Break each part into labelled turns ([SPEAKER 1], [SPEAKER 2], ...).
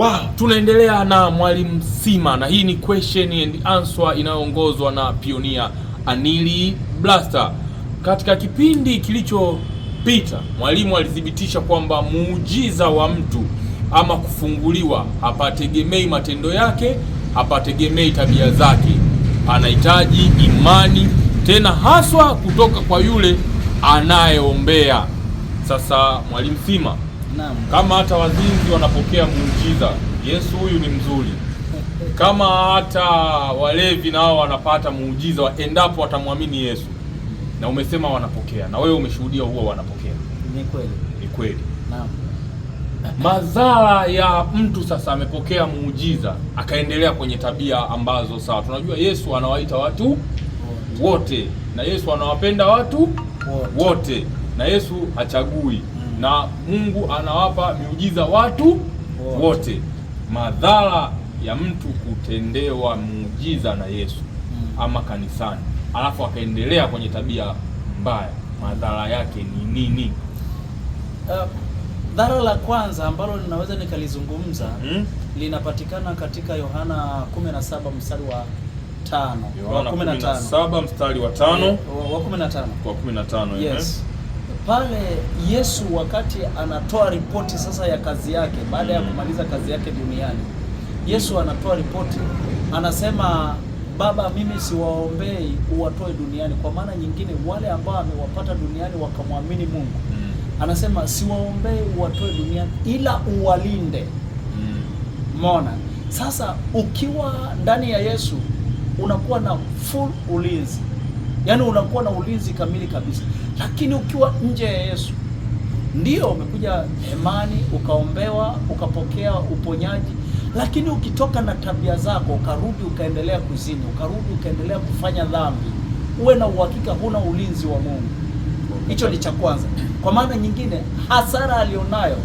[SPEAKER 1] Wow, tunaendelea na mwalimu Sima na hii ni question and answer inayoongozwa na pionia Anili Blaster. Katika kipindi kilichopita, mwalimu alithibitisha kwamba muujiza wa mtu ama kufunguliwa hapategemei matendo yake, hapategemei tabia zake, anahitaji imani, tena haswa kutoka kwa yule anayeombea. Sasa mwalimu Sima kama hata wazinzi wanapokea muujiza, Yesu huyu ni mzuri. Kama hata walevi nao wanapata muujiza endapo watamwamini Yesu, na umesema wanapokea, na wewe umeshuhudia huwa wanapokea. Ni kweli, ni kweli. Madhara ya mtu sasa, amepokea muujiza akaendelea kwenye tabia ambazo sawa, tunajua Yesu anawaita watu wote, na Yesu anawapenda watu wote, na Yesu hachagui na Mungu anawapa miujiza watu wote. Madhara ya mtu kutendewa muujiza na Yesu hmm. ama kanisani, alafu akaendelea kwenye tabia mbaya, madhara yake ni nini?
[SPEAKER 2] Uh, dhara la kwanza ambalo ninaweza nikalizungumza hmm? linapatikana katika Yohana 17 mstari wa tano,
[SPEAKER 1] Yohana 17 mstari wa tano, eh, wa 15 kwa 15
[SPEAKER 2] yes Eh? pale Yesu wakati anatoa ripoti sasa ya kazi yake baada ya kumaliza kazi yake duniani, Yesu anatoa ripoti, anasema Baba, mimi siwaombei uwatoe duniani, kwa maana nyingine wale ambao amewapata duniani wakamwamini Mungu. Mm. Anasema siwaombei uwatoe duniani, ila uwalinde. mona mm. Sasa ukiwa ndani ya Yesu unakuwa na full ulinzi yaani unakuwa na ulinzi kamili kabisa. Lakini ukiwa nje ya Yesu, ndio umekuja hemani ukaombewa, ukapokea uponyaji, lakini ukitoka na tabia zako, ukarudi ukaendelea kuzini, ukarudi ukaendelea kufanya dhambi, uwe na uhakika huna ulinzi wa Mungu. Hicho ni cha kwanza. Kwa maana nyingine, hasara alionayo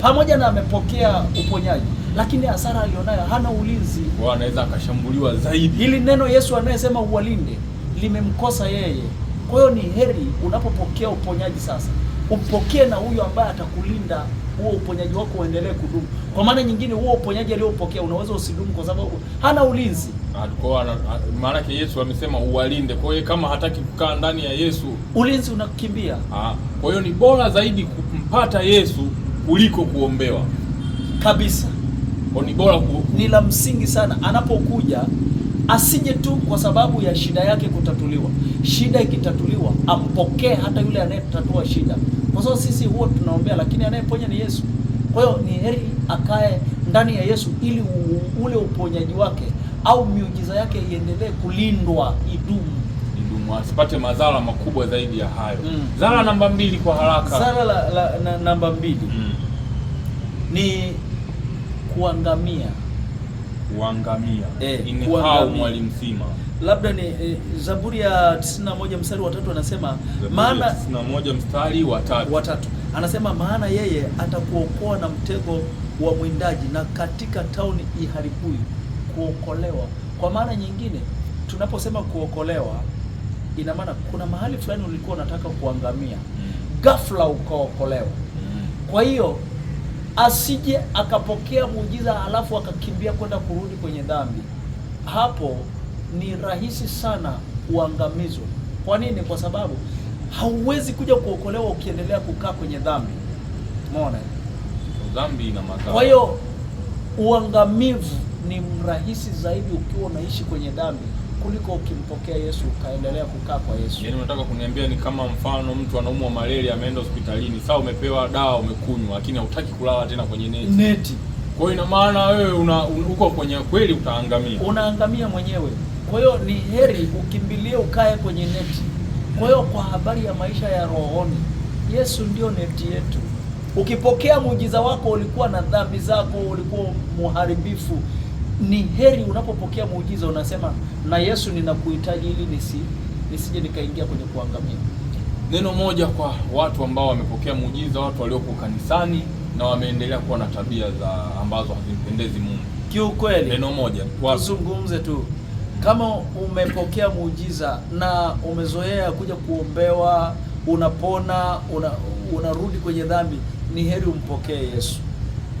[SPEAKER 2] pamoja na amepokea uponyaji lakini hasara alionayo hana ulinzi,
[SPEAKER 1] anaweza akashambuliwa zaidi.
[SPEAKER 2] Hili neno Yesu anayesema uwalinde limemkosa yeye. Kwa hiyo ni heri unapopokea uponyaji sasa, upokee na huyo ambaye atakulinda huo uponyaji wako uendelee kudumu. Kwa maana nyingine, huo uponyaji aliopokea unaweza usidumu, kwa sababu hana ulinzi.
[SPEAKER 1] Ah, yake Yesu amesema uwalinde. Kwa hiyo kama hataki kukaa ndani ya Yesu,
[SPEAKER 2] ulinzi unakimbia.
[SPEAKER 1] Ah, kwa hiyo ni bora zaidi kumpata Yesu kuliko kuombewa kabisa, ni bora ku...
[SPEAKER 2] ni la msingi sana anapokuja asije tu kwa sababu ya shida yake kutatuliwa. Shida ikitatuliwa, ampokee hata yule anayetatua shida, kwa sababu sisi huwa tunaombea, lakini anayeponya ni Yesu. Kwa hiyo ni heri akae ndani ya Yesu ili ule uponyaji wake au miujiza yake iendelee kulindwa, idumu
[SPEAKER 1] idumu, asipate madhara makubwa zaidi ya hayo. Mm. Zara namba mbili kwa haraka,
[SPEAKER 2] zara la, la, na, namba mbili mm. ni kuangamia
[SPEAKER 1] kuangamia eh, hao mwalimu sima
[SPEAKER 2] labda ni eh, Zaburi ya 91 mstari wa 3 anasema
[SPEAKER 1] maana 91 mstari wa tatu
[SPEAKER 2] anasema maana yeye atakuokoa na mtego wa mwindaji na katika tauni iharibui. Kuokolewa kwa maana nyingine, tunaposema kuokolewa, ina maana kuna mahali fulani ulikuwa unataka kuangamia, mm. ghafla ukaokolewa. Mm. Kwa hiyo asije akapokea muujiza halafu akakimbia kwenda kurudi kwenye dhambi. Hapo ni rahisi sana uangamizwe. Kwa nini? Kwa sababu hauwezi kuja kuokolewa ukiendelea kukaa kwenye dhambi. Umeona?
[SPEAKER 1] Dhambi ina madhara.
[SPEAKER 2] Kwa hiyo uangamivu ni mrahisi zaidi ukiwa unaishi kwenye dhambi kuliko ukimpokea Yesu ukaendelea kukaa kwa Yesu.
[SPEAKER 1] Yaani unataka kuniambia ni kama mfano mtu anaumwa malaria ameenda hospitalini, saa umepewa dawa umekunywa, lakini hautaki kulala tena kwenye neti. Neti. Kwa hiyo ina maana wewe una uko kwenye kweli utaangamia.
[SPEAKER 2] Unaangamia mwenyewe. Kwa hiyo ni heri ukimbilie ukae kwenye neti. Kwa hiyo kwa habari ya maisha ya rohoni, Yesu ndio neti yetu. Ukipokea muujiza wako, ulikuwa na dhambi zako, ulikuwa muharibifu ni heri unapopokea muujiza unasema, na Yesu, ninakuhitaji ili nisi nisije nikaingia kwenye kuangamia.
[SPEAKER 1] Neno moja kwa watu ambao wamepokea muujiza, watu walioko kanisani na wameendelea kuwa na tabia za ambazo hazimpendezi Mungu. Kiukweli, neno moja
[SPEAKER 2] tuzungumze tu, kama umepokea muujiza na umezoea kuja kuombewa, unapona, una, unarudi kwenye dhambi, ni heri umpokee Yesu.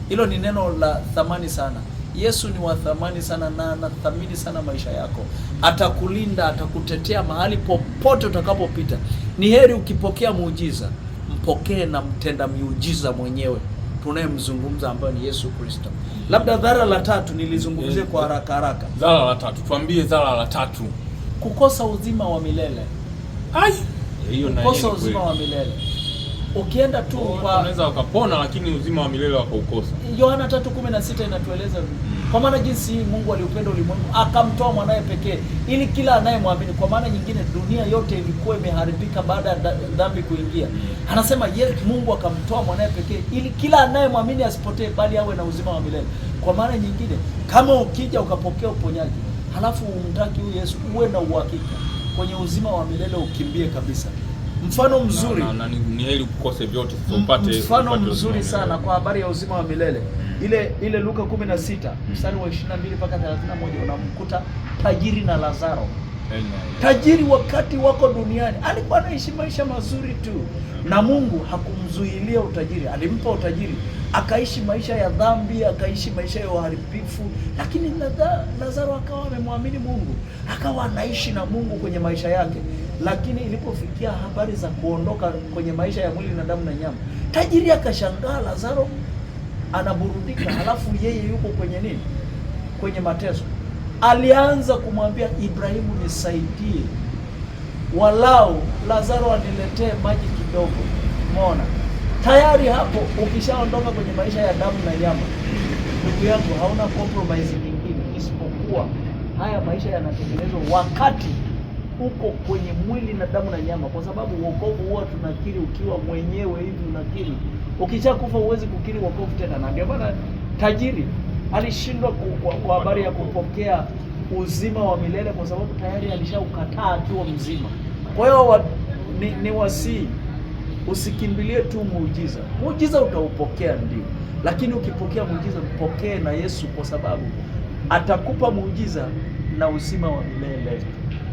[SPEAKER 2] Hilo ni neno la thamani sana. Yesu ni wa thamani sana na anathamini sana maisha yako. Atakulinda, atakutetea mahali popote utakapopita. Ni heri ukipokea muujiza, mpokee na mtenda miujiza mwenyewe tunayemzungumza ambaye ni Yesu Kristo. Labda dhara la tatu nilizungumzie kwa haraka haraka.
[SPEAKER 1] Dhara la tatu, tuambie dhara la tatu.
[SPEAKER 2] Kukosa uzima wa milele. Ai, eh, hiyo na kukosa uzima wa milele ukienda tu kwa
[SPEAKER 1] unaweza ukapona, lakini uzima wa milele wakaukosa.
[SPEAKER 2] Yohana 3:16 inatueleza kwa maana jinsi hii Mungu aliupenda ulimwengu akamtoa mwanaye pekee, ili kila anayemwamini. Kwa maana nyingine, dunia yote ilikuwa imeharibika baada ya dhambi kuingia. Anasema yes, Mungu akamtoa mwanaye pekee, ili kila anayemwamini asipotee, bali awe na uzima wa milele. Kwa maana nyingine, kama ukija ukapokea uponyaji halafu umtaki huyu Yesu, uwe na uhakika kwenye uzima wa milele, ukimbie kabisa. Mfano mzuri na,
[SPEAKER 1] na, na, ni heri ukose vyote upate mfano mzuri sana kwa habari ya uzima wa milele hmm. ile ile Luka 16 hmm. mstari wa 22 mpaka 31, unamkuta tajiri na Lazaro.
[SPEAKER 2] Tajiri wakati wako duniani alikuwa anaishi maisha mazuri tu, na Mungu hakumzuilia utajiri, alimpa utajiri akaishi maisha ya dhambi, akaishi maisha ya uharibifu, lakini Lazaro akawa amemwamini Mungu, akawa anaishi na Mungu kwenye maisha yake. Lakini ilipofikia habari za kuondoka kwenye maisha ya mwili na damu na nyama, tajiri akashangaa, Lazaro anaburudika, halafu yeye yuko kwenye nini? Kwenye mateso. Alianza kumwambia Ibrahimu, nisaidie walau Lazaro aniletee maji kidogo. Umeona? Tayari hapo ukishaondoka kwenye maisha ya damu na nyama, ndugu yangu, hauna compromise nyingine isipokuwa haya maisha yanatengenezwa wakati uko kwenye mwili na damu na nyama, kwa sababu uokovu huwa tunakiri ukiwa mwenyewe hivi unakiri. Ukishakufa huwezi kukiri wokovu tena, na ndio maana tajiri alishindwa kwa habari ya kupokea uzima wa milele, kwa sababu tayari alishaukataa akiwa mzima. Kwa hiyo ni, ni wasii Usikimbilie tu muujiza. Muujiza utaupokea ndio, lakini ukipokea muujiza mpokee na Yesu, kwa sababu atakupa muujiza na uzima wa milele.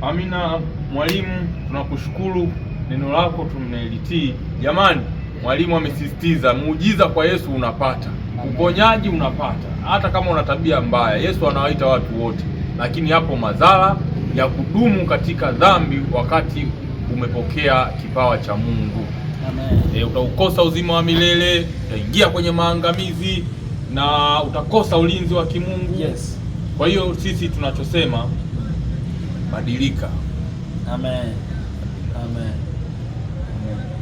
[SPEAKER 1] Amina. Mwalimu, tunakushukuru neno lako tumelitii. Jamani, mwalimu amesisitiza muujiza kwa Yesu unapata uponyaji, unapata hata kama una tabia mbaya. Yesu anawaita watu wote, lakini hapo madhara ya kudumu katika dhambi wakati umepokea kipawa cha Mungu. E, utaukosa uzima wa milele, utaingia kwenye maangamizi na utakosa ulinzi wa kimungu yes. Kwa hiyo sisi tunachosema badilika.
[SPEAKER 2] Amen. Amen. Amen.